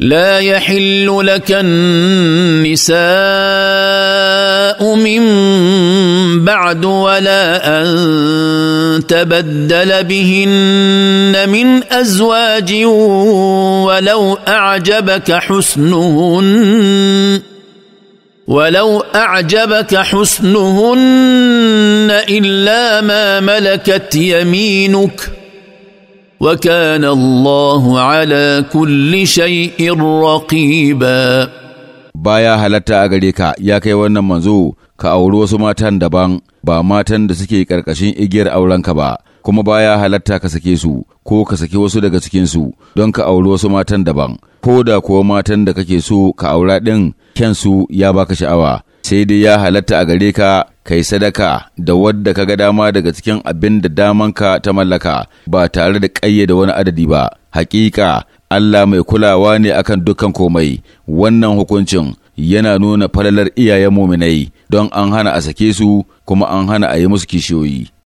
لا يحل لك النساء من بعد ولا ان تبدل بهن من ازواج ولو اعجبك حسنهن ولو اعجبك حسنهن الا ما ملكت يمينك وكان الله على كل شيء رقيبا baya هلتا a gare ka ya kai wannan manzo ka auri wasu matan daban ba matan da suke ƙarƙashin igiyar aurenka ba kuma baya halatta ka sake su ko ka saki wasu daga cikin su don ka auri wasu matan daban ko da kuwa matan da kake so ka aura ɗin kyansu ya baka sha'awa sai dai ya halatta a gare ka kai sadaka da wadda ka ga dama daga cikin abin da damanka ta mallaka ba tare da ƙayyade wani adadi ba hakika Allah mai kulawa ne akan dukkan komai wannan hukuncin yana nuna falalar iyayen muminai don an hana a sake su kuma an hana a yi musu kishiyoyi